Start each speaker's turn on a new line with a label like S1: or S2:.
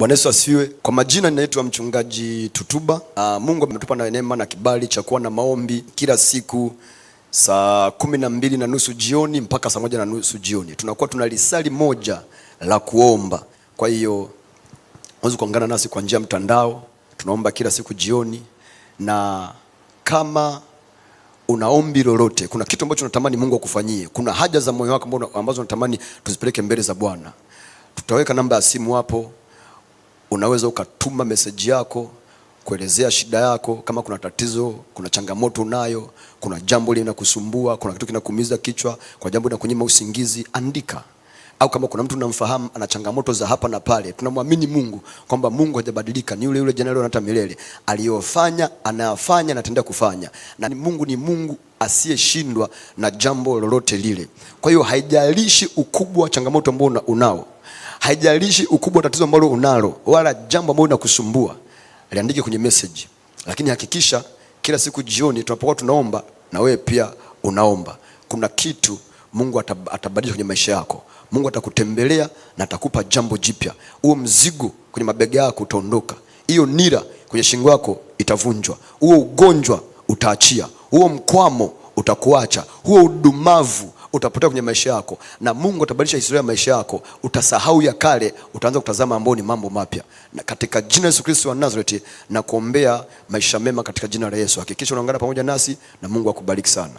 S1: Bwana Yesu asifiwe. Kwa majina ninaitwa mchungaji Tutuba. Aa, ah, Mungu ametupa na neema na kibali cha kuwa na maombi kila siku saa kumi na mbili na nusu jioni mpaka saa moja na nusu jioni tunakuwa tuna lisali moja la kuomba. Kwa hiyo unaweza kuungana nasi kwa njia mtandao, tunaomba kila siku jioni, na kama una ombi lolote, kuna kitu ambacho unatamani Mungu akufanyie, kuna haja za moyo wako ambazo unatamani tuzipeleke mbele za Bwana, tutaweka namba ya simu hapo Unaweza ukatuma meseji yako kuelezea shida yako, kama kuna tatizo, kuna changamoto unayo, kuna jambo linakusumbua, kuna kitu kinakuumiza kichwa, kuna jambo linakunyima usingizi, andika. Au kama kuna mtu unamfahamu ana changamoto za hapa na pale, tunamwamini Mungu kwamba Mungu hajabadilika, ni yule yule jana, leo na hata milele. Aliyofanya anayafanya na kufanya, na Mungu ni Mungu asiyeshindwa na jambo lolote lile. Kwa hiyo haijalishi ukubwa wa changamoto ambao unao Haijalishi ukubwa wa tatizo ambalo unalo wala jambo ambalo linakusumbua, aliandike kwenye message, lakini hakikisha kila siku jioni tunapokuwa tunaomba, na wewe pia unaomba. Kuna kitu Mungu atabadilisha kwenye maisha yako. Mungu atakutembelea na atakupa jambo jipya. Huo mzigo kwenye mabega yako utaondoka, hiyo nira kwenye shingo yako itavunjwa, huo ugonjwa utaachia, huo mkwamo utakuacha, huo udumavu utapotea kwenye maisha yako, na Mungu atabadilisha historia ya maisha yako. Utasahau ya kale, utaanza kutazama ambao ni mambo mapya, na katika jina Yesu Kristo wa Nazareti, na kuombea maisha mema katika jina la Yesu. Hakikisha unaungana pamoja nasi na Mungu akubariki sana.